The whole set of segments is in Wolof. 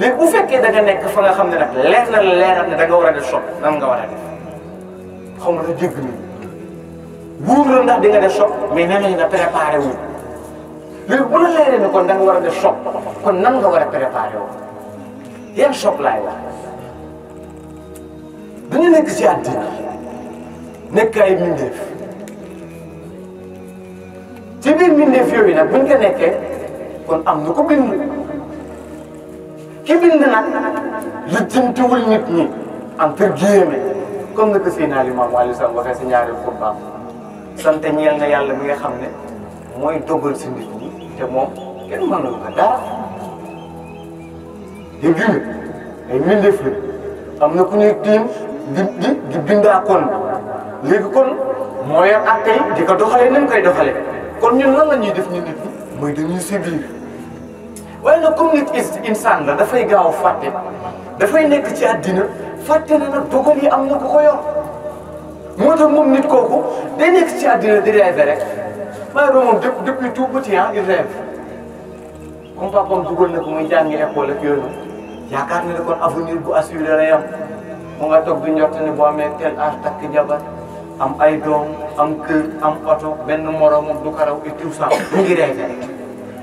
léegi bu fekkee da nga nekk fa nga xam ne nag leer na leeral ne da nga war a def choc nan nga war a def xaw nga la jégg ni wóor la ndax di def choc mais nee nañ na préparé wu léegi bu la leeree ni kon da war a def choc kon nan nga war a préparé wu yan choc laay wax dañu nekk si àddina nekk ay mbindeef ci biir mbindeef yooyu nag buñ ko nekkee kon am na ko bind ki bind nag lijjantiwul nit ñi entre guillemets comme ni ko Seydina Limaamu Aliou Sall waxee si ñaari xutba sant ñeel na yàlla mi nga xam ne mooy dogal si nit ñi te moom kenn mënul ko dara na ku ñuy tiim di di di bindaa kon léegi kon mooy ak di ko doxalee ni mu koy doxalee kon ñun lan la ñuy def ñu nit ñi mooy dañuy si biir waaye nag comme nit insaan la dafay gaaw fàtte dafay nekk ci àddina fatte na nag dogal yi am na ku ko yor moo tax moom nit kooku day nekk ci àddina di rêve rek maa ngi moom depuis tout petit ah il rêve comme papaam dugal na ko muy jàngi école ak yooyu yaakaar na ne kon avenir bu assuré la yam mu nga toog du njort ne boo amee tel âge takk jabar am ay doom am kër am oto benn moromam du ko raw et tout ça mu rek.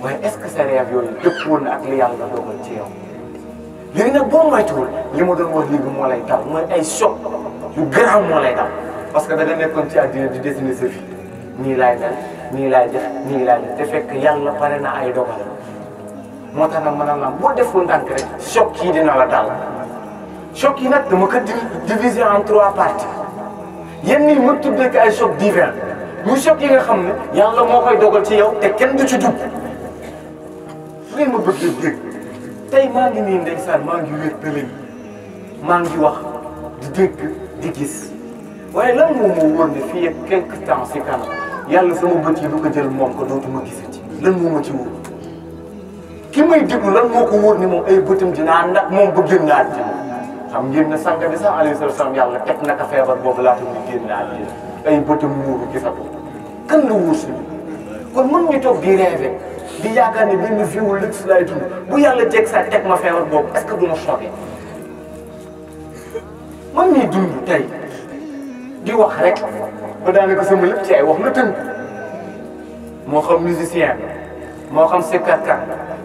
waaye est-ce que sa rêve yooyu dëppoon na ak li yàlla dogal ci yow léegi nag boo moytuwul li ma doon wax léegi moo lay dal mooy ay choc yu grand moo lay dal parce que da nga nekkoon ci àddina di dessiner sa vie nii laay mel nii laay def nii laay def te fekk yàlla pare na ay dogal moo tax nag mën naa naan boo deful ndànk rek choc yi dina la dal choc yi nag dama ko diviser en trois parties yenn yi ma tuddee ko ay choc divers muy choc yi nga xam ne yàlla moo koy dogal ci yow te kenn du ci dugg. fu ngeen ma bëggee dégg tey maa ngi nii ndeysaan maa ngi wér maa ngi wax di dégg di gis waaye lan moom moo wóor fii ak quelque temps si kanam yàlla sama bët yi du ko jël moom ko dootuma gisati lan moo ma ci wóor ki may déglu lan moo ko wóor ne moom ay bëtam dinaa ndax moom ba génn àddina xam ngeen ne sànq bi sax alayhi salaam yàlla teg na ko feebar boobu laata muy génn la ay bëtam muuru gisatu kan la wóor si kon mën toog di rêver di yaakaar ne benn fiwu luxe laay bu yàlla teg sa teg ma feebar boobu est-ce que man mii dund tey di wax rek ba daanaka sama lépp ci ay wax la tënk moo xam musicien moo xam sikkarkat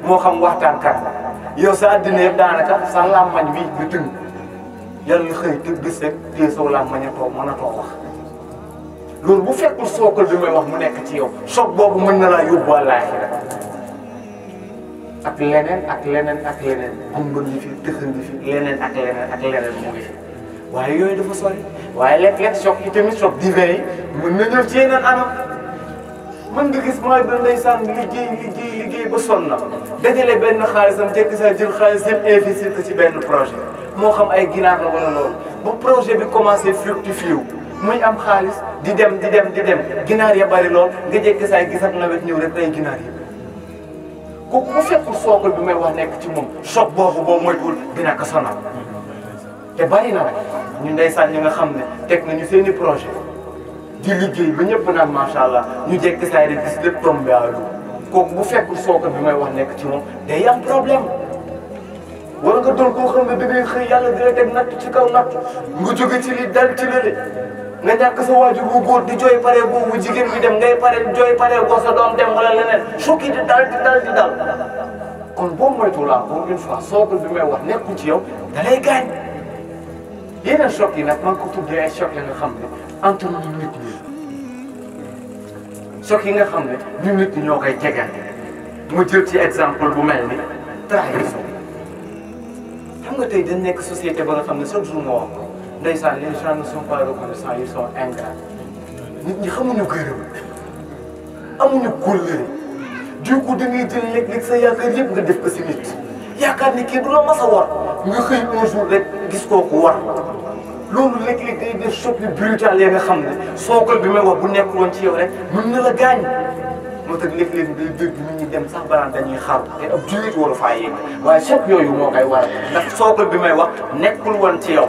moo xam waxtaankat yow sa àddina yëpp daanaka sa làmmañ wi lu tënk yàlla xëy tëgg sëg téye sa làmmañ a toog mën a wax loolu bu fekkul sookal bi may wax mu nekk ci yow sook boobu mën na laa yóbbu àllaaxira ak leneen ak leneen ak leneen am nga ñu fi tëx nga fi leneen ak leneen ak leneen mu ngi fi waaye yooyu dafa sori waaye léeg-léeg choc yi tamit choc divin yi mën na ñëw ci yeneen anam mën nga gis mooy ba ndeysaan liggéey liggéey liggéey ba sonn na dajale benn xaalisam jekk saa jël xaalisam investir ko ci benn projet moo xam ay ginaar la wala loolu ba projet bi commencé fructifier muy am xaalis di dem di dem di dem ginaar ya bari lool nga jékki saay gisat nawet ñëw rek rey ginaar yi ku ku fekkul sookul may wax nekk ci moom choc boobu boo moytuwul dina ko te bari na rek ñu ndeysaan ñi nga xam ne teg nañu seen projet di liggéey ba ñëpp naan macha allah ñu jékki saay gis lépp tombé à bu fekkul sookul bi may wax nekk ci moom day am problème. wala nga doon koo xam ne da ngay xëy yàlla dina teg natt ci kaw natt nga jóge ci dal ci lële nga ñàkk sa waajur bu góor di jooy pare boobu jigéen bi dem ngay pare jooy pare boo sa doom dem wala leneen choc yi di dal di dal di dal kon boo moytuwul encore une fois sookul bi may wax nekkul ci yow da lay gaañ yeneen choc yi nag maa ngi ko tuddee ay choc yi nga xam ne entonnoonu nit ñi choc yi nga xam ne ñun nit ñoo koy jegaan mu jël ci exemple bu mel ni trahison xam nga tey dañ nekk societé ba nga xam ne chaque jour wax ndeysaan les gens ne sont e pas reconnaissants ils sont ingrats nit ñi xamuñu gërëm amuñu kóllëre du coup da ngay jël léeg-léeg sa yaakaar yëpp nga def ko si nit yaakaar ni kii du la mas a war nga xëy un jour rek gis kooku war loolu léeg-léeg day def choc yu brutal ya nga xam ne sookal bi may wax bu nekkul woon ci yow rek mën na la gaañ moo tax léeg-léeg day dégg nit ñi dem sax balaa dañuy xaar te ab jullit war a faa yéeg waaye choc yooyu moo koy waral ndax sookal bi may wax nekkul woon ci yow.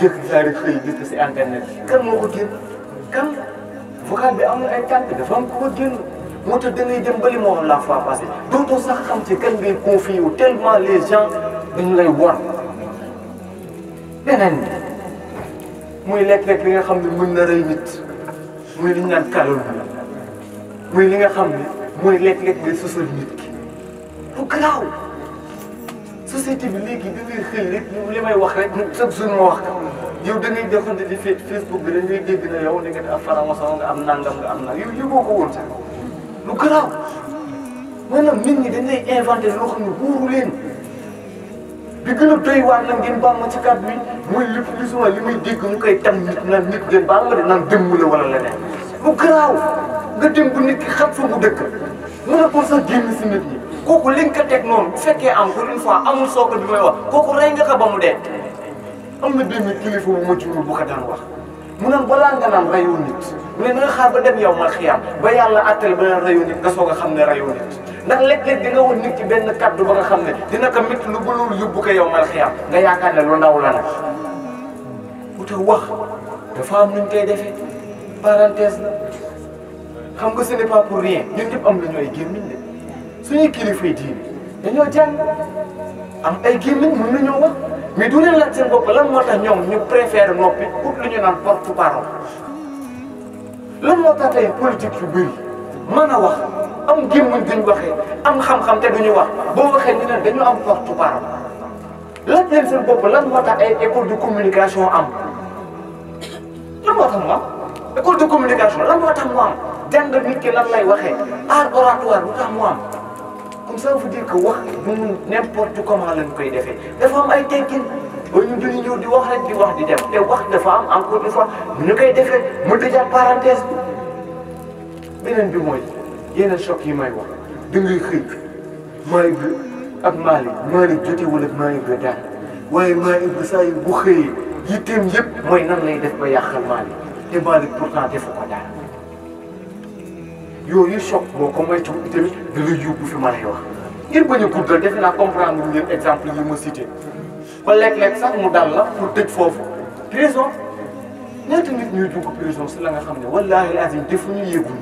jékki saa rek xëy gis ko si internet kan moo ko génn kan vocal bi am ay tànk dafa am ko génn moo tax da ngay dem ba li ma wax la fois passée dootoo sax xam ci kan ngay confié wu tellement les gens dañu lay wor beneen bi lekk-lekk li nga xam ne mën na rey nit muy li ñu naan calorie muy li nga xam ne mooy lekk-lekk ngay sosal nit lu garaaw société bi léegi da ngay xëy rek li may wax rek chaque jour ma wax yow da ngay joxante di fekk Facebook bi dañuy dégg na yow da nga def franc am nangam nga am na yow yëgoo ko woon sax lu garaaw maanaam nit ñi dañ lay loo xam ne wóoru leen di gën a doy waar nag ngeen baal ma ci kàddu yi mooy li plus li may dégg ñu koy tam nit naan nit ngeen baal ma de naan démb wala leneen lu garaaw nga dem bu nit ki xam fa mu dëkk mën a pour sax génn si nit ñi. kooku li nga ko teg noonu bu fekkee encore une fois amul sookal bi may wax kooku rey nga ko ba mu dee. am na benn kilifa bu ma juumul bu ka daan wax mu naan balaa nga naan reyoo nit mais na xaar ba dem yow mal xiyaam ba yàlla àttali ba naan reyoo nga soog a xam ne reyoo nit. ndax léeg-léeg di nga benn kaddu ba nga xam ne dina ko métti lu ba loolu yóbbu ko yow mal xiyaam nga yaakaar ne lu ndaw la nag. bu te wax dafa am nuñ koy defee parenthèse la xam nga ce n'est pas pour rien ñun ñëpp am suñuy kilifay diine dañoo jàng am ay gémmiñ mën nañoo wax mais du leen laaj seen bopp lan moo tax ñoom ñu préféré noppi pour lu ñu naan porte parole lan moo tax tey politique yu bëri mën a wax am gémmiñ duñ waxee am xam-xam te duñu wax boo waxee ñu ne dañu am porte parole laaj bopp lan moo tax ay école de communication am lan moo tax mu am école de communication lan moo tax mu am jàng nit lan lay waxee art oratoire lu tax mu am donc ça veut dire que wax mënul n'importe comment lañ koy defee dafa ay tekkin ba ñu duñu ñëw di wax rek di wax di dem te wax dafa am encore une fois ñu koy defee mu tëjaat parenthèse bi beneen bi mooy yeneen choc yi may wax da ngay xëy Maalik ak Maalik Maalik jote wala Maalik la daal waaye Maalik saa yu bu xëyee yitteem yëpp mooy nan lay def ba yàqal Maalik te Maalik pourtant defu ko daal yooyu choc boo ko moytuwul itamit da lay fi ma wax. ngir bañ a guddal naa comprendre ngeen exemple yi ma cité ba léeg-léeg sax mu dal la pour tëj foofu prison ñaata nit ñuy dugg prison si la nga xam ne wallaahi azim defuñu yëguñu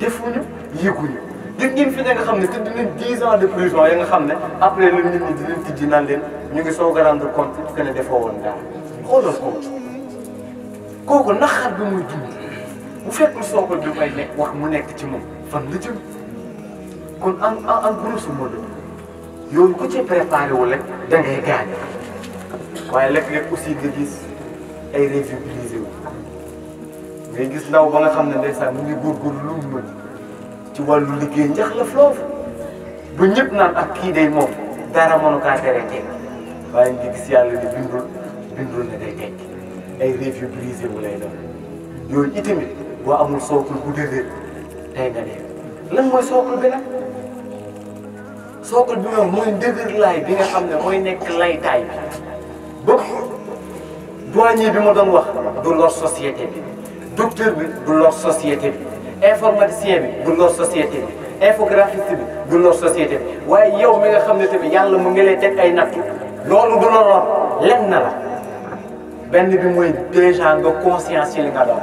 defuñu yëguñu gis ngeen fi ne nga xam ne tëdd nañ 10 ans de prison ya nga xam ne après la nit ñi di leen ñu ngi soo a rendre compte que ne defoo woon daal xoolal ko kooku naxaat bi muy dund. bu fekkul Sonko ñu fay nekk wax mu nekk ci moom fan la jëm kon en en en grosso modo yooyu ku ci préparé wu rek da waaye léeg-léeg aussi nga gis ay régions brisées ngay gis ndaw ba nga xam ne ndeysaan mu ngi góorgóorlu lu mu mën ci wàllu liggéey njax la foofu ba ñëpp naan ak kii day moom dara mënu kaa tere waaye nga gis yàlla di bindul bindul ne day teg ay régions brisées wu lay yooyu itamit. boo amul sookul bu dëgër tey nga dee lan mooy sookul bi nag sookul bi moom mooy dëgër bi nga xam ne mooy nekk laytaay bi bëpp douanier bi ma doon wax du lor société bi docteur bi du lor société bi informaticien bi du lor société bi infographiste bi bi waaye yow mi nga xam ne tamit yàlla mu ngi lay teg ay nattu loolu du la lor na la benn bi mooy déjà nga conscience ci nga doon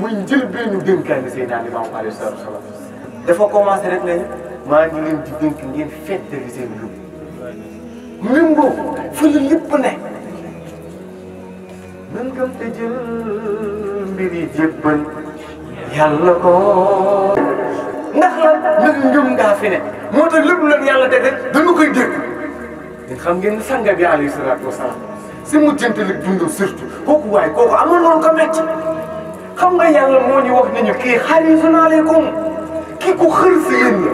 muy njëlbéenu dénkaan bi Seydina Limaamu alayhi salaatu wa salaam dafa commencé rek nañ maa ngi leen di dénk ngeen feddali seen gëm même boobu fa la lépp ne nan gëm te jël mbir yi jébbal yàlla ndax la nag ngëm ngaa moo tax lépp la yàlla teg rek dañu koy dégg ñun xam ngeen ne sanga bi alayhi salaatu wa salaam si mu jëntalig dundam surtout kooku waaye kooku amoon loolu ko metti xam nga yàlla moo ñu wax nañu kii xarisun aleykum kii ku xër si yéen la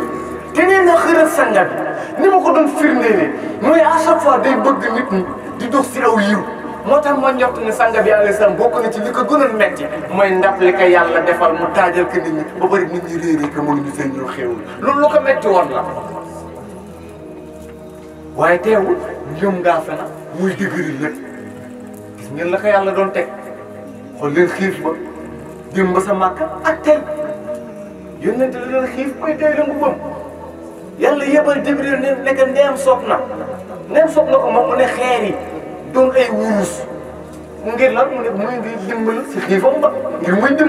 te nee na xëral sanga bi ni ma ko doon firndeele mooy à chaque fois day bëgg nit ñi di dox si aw yiw moo tax ma njort ne sanga bi alayhi salaam bokk na ci li ko gënoon metti mooy ndab li ko yàlla defal mu taajal ko nit ñi ba bëri nit ñi réeree ko mënuñu seen ñëw xéew loolu lu ko metti woon la waaye teewul ñoom ngaa fena muy dëgëri lépp gis ngeen la ko yàlla doon teg xool leen xiif ba jëm sa màkka ak tey yónnente la leen xiif koy tey la mu bëm yàlla yebal Jibril ne ndeem soob na ndeem soob na ko moom mu ne xeer yi doon ay wurus ngir lan mu ne muy ngi dimbal si xiifam ba ngir muy ne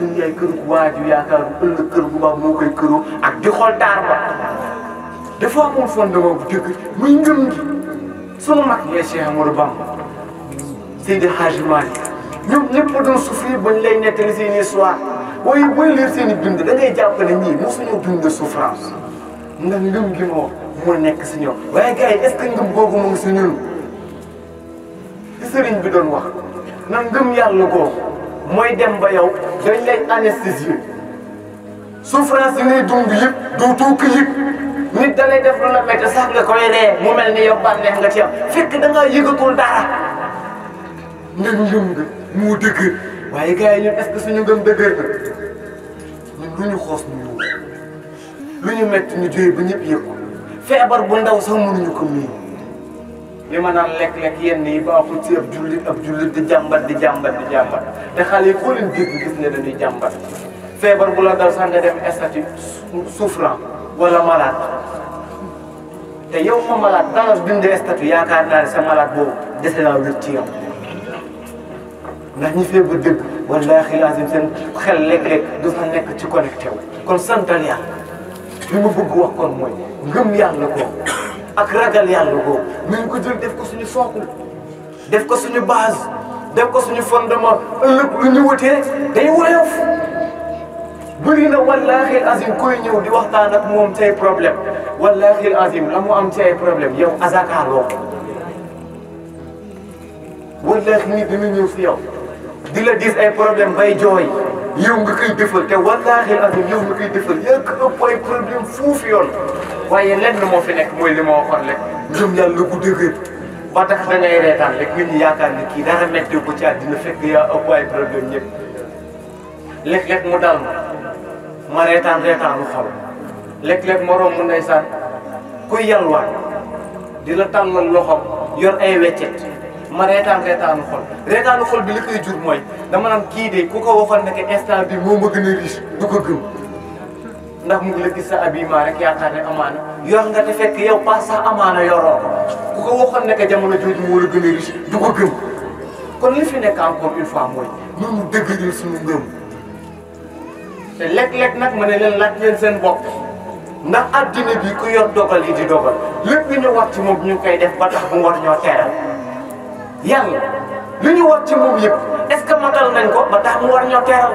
dunyaay kër gu waaju yaakaar bu ëllëg kër gu baax moo koy këru ak di xool taar ba dafa amoon fondement bu dëgg muy ngëm gi sunu mag yee Cheikh Amadou Bamba Seydi Hadji Malick ñoom ñëpp doon souffrir ba ñu lay nettali seen i histoire booy booy lire seen i bind da ngay jàpp ne ñii mosuñoo dund souffrance ndax ngëm gi moo moo nekk si ñoom waaye gars yi est ce que ngëm googu mu ngi si ñun li sëriñ bi doon wax na ngëm yàlla googu mooy dem ba yow dañ lay anesthésier souffrance yi ngay dund yëpp dootoo ko yëg nit da def lu la métti sax nga koy ree mu mel ni yow bànneex nga ci am fekk da ngaa yëgatul dara nga ngëm nga. moo dëgg waaye gars yi ñun est-ce que suñu gëm dëgër na ñun lu ñu xoos nu ñëw lu ñu métti ñu jóyee ba ñëpp yëg feebar bu ndaw sax mënuñu ko mii li ma naan lekk-lekk yenn yi baaxul ci ab jullit ab jullit di jàmbat di jàmbat di jàmbat te xale yi koo leen dégg gis ne dañuy jàmbat feebar bu la dal sax nga dem statut souffrant wala malade te yow ma malade dans le bind statut yaakaar naa ne sa malade boobu dese naa wér ndax ñi feebar dëgg wallaahi laasim seen xel léeg-léeg du fa nekk ci connecté kon santal yàlla li ma bëgg wax kon mooy ngëm yàlla kooku ak ragal yàlla kooku nañ ko jël def ko suñu socle def ko suñu base def ko suñu fondement ëllëg lu ñu wutee rek day woyof bëri na wallaahi azim koy ñëw di waxtaan ak moom say problème wallaahi azim la mu am ci ay problème yow azaka loo wallaahi ni dina ñëw si yow di la gis ay problème bay jooy yow nga koy defal te wallaahi azim yow nga koy defal yaa ngi ëpp ay problème fuuf yoon waaye lenn moo fi nekk mooy li ma waxoon rek ngëm yàlla gu dëgër ba tax da ngay reetaan rek nit yaakaar ne kii dara metti ko ci àddina fekk yaa ëpp ay problème ñëpp léeg-léeg mu dal ma ma reetaan reetaan lu xaw léeg-léeg ma romb ndeysaan kuy yalwaan di la tàllal loxoom yor ay weccet ma reetaan reetaanu xol reetaanu xol bi li koy jur mooy dama naan kii de ku ko waxoon nekk instant bi moo ma gën a riche du ko gëm ndax mu ngi la gis sa habillement rek yaakaar ne amaana yor nga te fekk yow pas sax amaana yoroo ko ku jamono jooju moo a riche du gëm kon li fi nekk encore une fois mooy ñun dëgg suñu ngëm te lekk-lekk nag ma ne leen laaj leen seen bopp ndax addina bi ku yor dogal yi di dogal lépp lu ñu wax ci moom ñu koy def ba tax bu war ñoo teeral yàlla li ñu war ci moom yëpp est-ce que matal nañ ko ba tax war ñoo teeral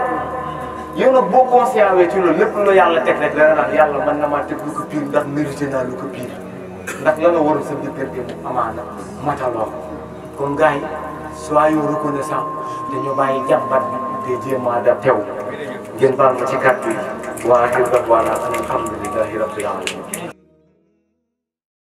yow nag boo conscient wee ci loolu lépp lu yàlla teg rek dana naan yàlla na maa teg lu ko pire ndax mérité naa lu ko pire ndax la nga waroon sa diggante mu amaana mataloo ko kon gars yi soyons reconnaissants dañoo bàyyi jàmbat bi te jéem a adapté wu ngeen baal ma ci kàddu yi waa Kelle Ba voilà alhamdulilahi rabbil alamin